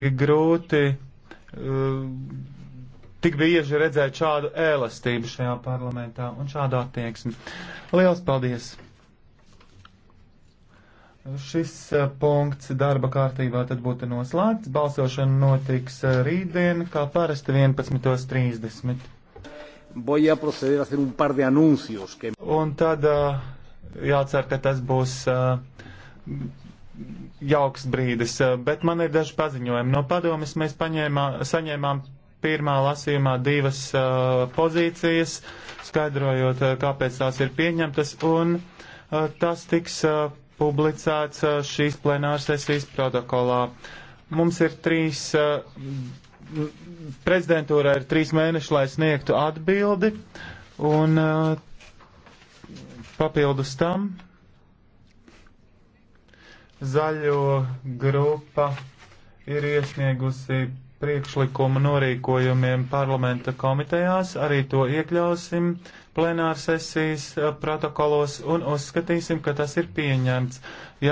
grūti uh, tik bieži redzēt šādu ēlastību šajā parlamentā un šādu attieksmi. Liels paldies! Šis uh, punkts darba kārtībā tad būtu noslēgts. Balsošana notiks uh, rītdien, kā parasti 11.30. Voy a proceder a hacer un par de anuncios. Que... Un tad uh, jācer, ka tas būs uh, jauks brīdis, eh, bet man ir daži paziņojumi. No padomis mēs paņēmā, saņēmām pirmā lasījumā divas uh, pozīcijas, skaidrojot, uh, kāpēc tās ir pieņemtas, un uh, tas tiks uh, publicēts uh, šīs plenāras sesijas protokolā. Mums ir trīs, uh, prezidentūrā ir trīs mēneši, lai sniegtu atbildi, un uh, papildus tam Zaļo grupa ir iesniegusi priekšlikumu norīkojumiem parlamenta komitejās, arī to iekļausim plenārsesijas eh, protokolos un uzskatīsim, ka tas ir pieņemts. Ja